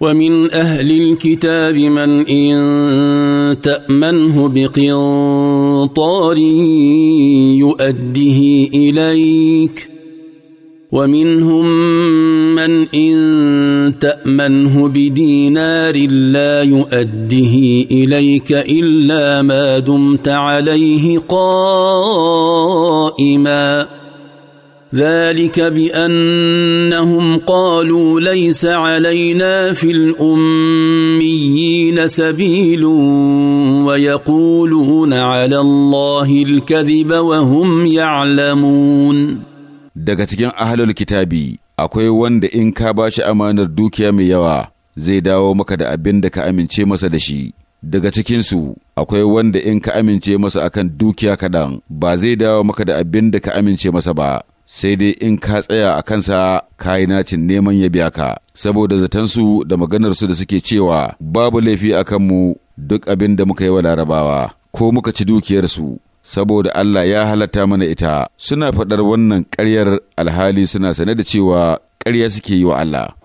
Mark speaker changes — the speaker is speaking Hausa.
Speaker 1: ومن أهل الكتاب من إن تأمنه بقنطار يؤده إليك ومنهم من إن تأمنه بدينار لا يؤده إليك إلا ما دمت عليه قائماً ذلك بانهم قالوا ليس علينا في الاميين سبيل ويقولون على الله الكذب وهم يعلمون
Speaker 2: daga cikin ahlul kitabi akwai wanda in ka ba shi amanar dukiya mai yawa zai dawo maka da abin da ka amince masa da shi daga cikinsu akwai wanda in ka amince masa akan dukiya kaɗan ba zai dawo maka da abin da ka amince masa ba sai dai in ka tsaya a kansa kayi nacin neman ya biya ka saboda zatansu da maganarsu da suke cewa babu laifi a kanmu duk abin da muka yi wa larabawa ko muka ci dukiyarsu saboda Allah ya halatta mana ita suna faɗar wannan karyar alhali suna sane da cewa karya suke yi wa Allah